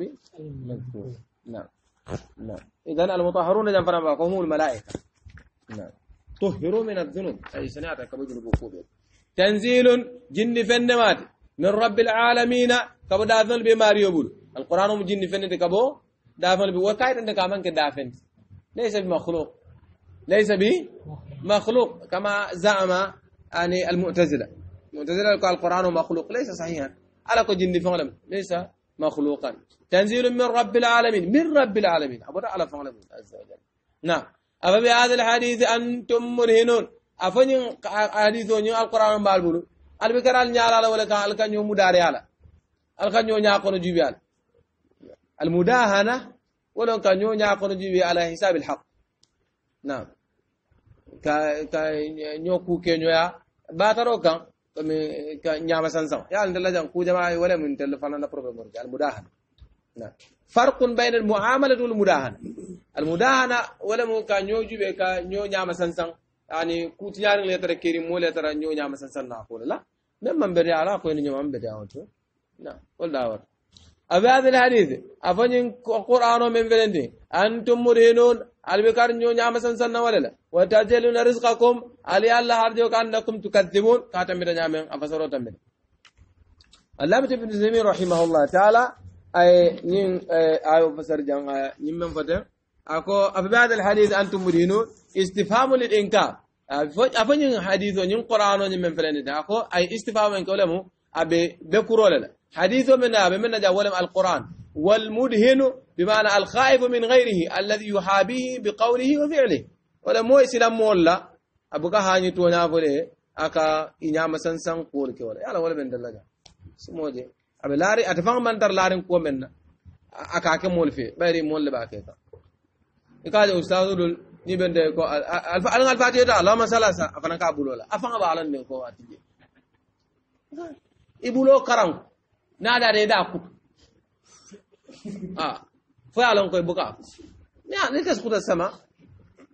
مذكور نعم نعم اذا المطهرون اذا فرماكم هم الملائكه نعم طهروا من الذنوب اي سنعت بجنب وقوبه تنزيل جن فنمات من رب العالمين كبو دافن بماريو بول القران جن فنت كبو دافن بوكايت عندك امانك دافن ليس بمخلوق ليس بمخلوق كما زعم يعني المعتزلة المعتزلة قال القرآن مخلوق ليس صحيحا على كل جندي فعلم ليس مخلوقا تنزيل من رب العالمين من رب العالمين أبو على فعلم عز وجل نعم بهذا الحديث أنتم مرهنون أفني حديث القرآن بالبلو البكرال نيالا ولا كان يوم مداري على الكان يوم جبال المداهنة ولو كان نيو خرجي على حساب الحق نعم كا كا نيو كو كنيا باترو كان كا نياما سانسا يا انت لا جان كو جماعه ولا من تل فلان بروبلم نعم فرق بين المعامله والمداهنه المداهنه ولا مو كان نيو جوبي كا نيو نياما سانسا يعني كوت يار لي ترى كريم مو لي ترى نيو نياما سانسا لا نعم، من من بري على كو نيو من بري نعم والله abe hadil hadith afanyin qur'ano men velendi antum murinun albe kar nyo nyama san san walala wa tajaluna rizqakum ali alla harjo kanakum tukadzibun katamira nyama afasaro tambe allah ibn zamin rahimahullah ta'ala ay nyin ay fasar jang nyin men fata ako abe hadil hadith antum murinun istifhamu lil inkar afanyin hadithu nyin qur'ano nyin men velendi ako ay istifhamu en kolemu abe be kurolela حديث من نابه من نجا ولم القرآن والمدهن بمعنى الخائف من غيره الذي يحابيه بقوله وفعله ولا مو اسلام مولا ابو كهاني تونا فلي أكا إنام سنسن قولك ولا يلا ولا من دلجا سمودي أبي لاري أتفهم من در لارين كو من أكا كم مول في بيري مول باكيتا إكاد أستاذ دول ni bende ko الف الف alfa tiyata la masala sa afana ka bulola afanga ba alan ne ko atije ibulo naɗaɗa e da kutu a fo ye lon koye bukaaf ni tes kuta sama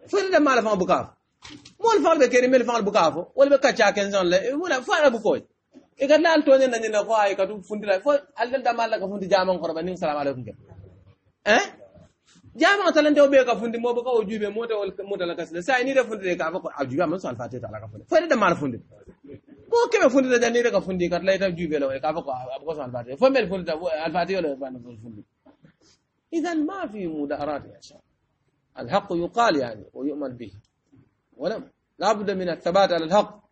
fo yetata maala faŋa bukaaf moolu faŋol ɓe keri melu faŋol bukaafo wolu ɓe kacca kenseŋol le fo ala bukoy i ka laal toñe nañine ko ay katu funtila fo aldel damal la ka funti jamaŋ koroba niŋ salamu aleykum ke hein jamaŋ talante o ɓee ka funti moo bo ka wo juube mote mote la kasile sa ni de funtide ka fo ko a juube a maŋ so alfatete ala ka funti fo yetata maala funtide bo keme fundita jan ni reka fundi kat layta juube lo ka fo ko aɓa koso alfatiha fo mbel fundita alfatiha lo bana fundi idan ma fi الحق يقال يعني ويؤمن به ولا لابد من الثبات على الحق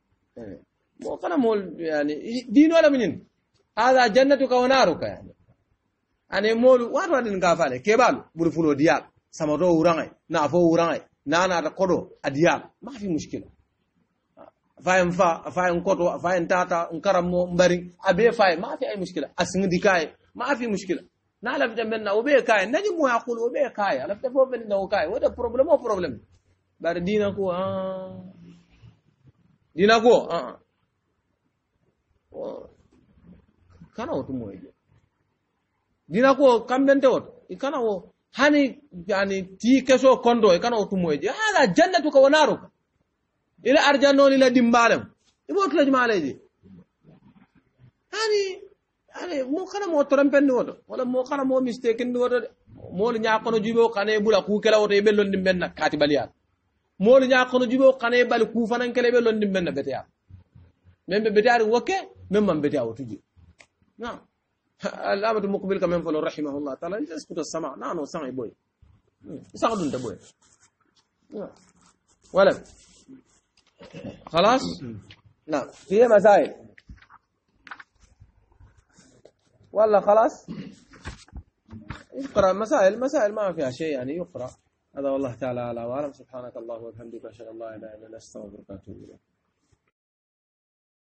وقنا مول يعني دين ولا منين هذا جنتك ونارك يعني أنا مول وارو دين كافالي كبال برفلو ديال سمرو وراني نافو وراني نانا تقولو أديال ما في مشكلة fayen fa fayen koto fayen tata nkarammo mbari abe faye ma fi ay mushkila asingdi kaye ma fi mushkila na lafta men na obe kaye nani mu yaqul obe kaye lafta fo men na kaye wada problem o problem bar dina ko ah dina ko ah kana wotu moye dina ko kamben te wotu ikana wo hani yani ti keso kondo ikana wotu moye hada jannatuka wa naruka إلى أرجانون إلى دمبالم يموت لجمع عليه يعني يعني مو كان مو ترمبن نوتو ولا مو كان مو ميستيكن نوتو مول نياكونو جيبو كاني بولا كوكلا وتو يبلون دمبن كاتباليا مول نياكونو جيبو كاني بال كوفانن كلا يبلون دمبن بتيا من بتيار وكه من من بتيا وتجي نعم الآبة المقبل كمان فلو رحمه الله تعالى يسكت السماع نعم وسمع بوي يسقط انت ولا خلاص نعم فيها مسائل والله خلاص يقرأ مسائل مسائل ما فيها شيء يعني يقرأ هذا والله تعالى
أعلم سبحانك الله وبحمدك أشهد أن لا إله إلا أنت أستغفرك وأتوب إليك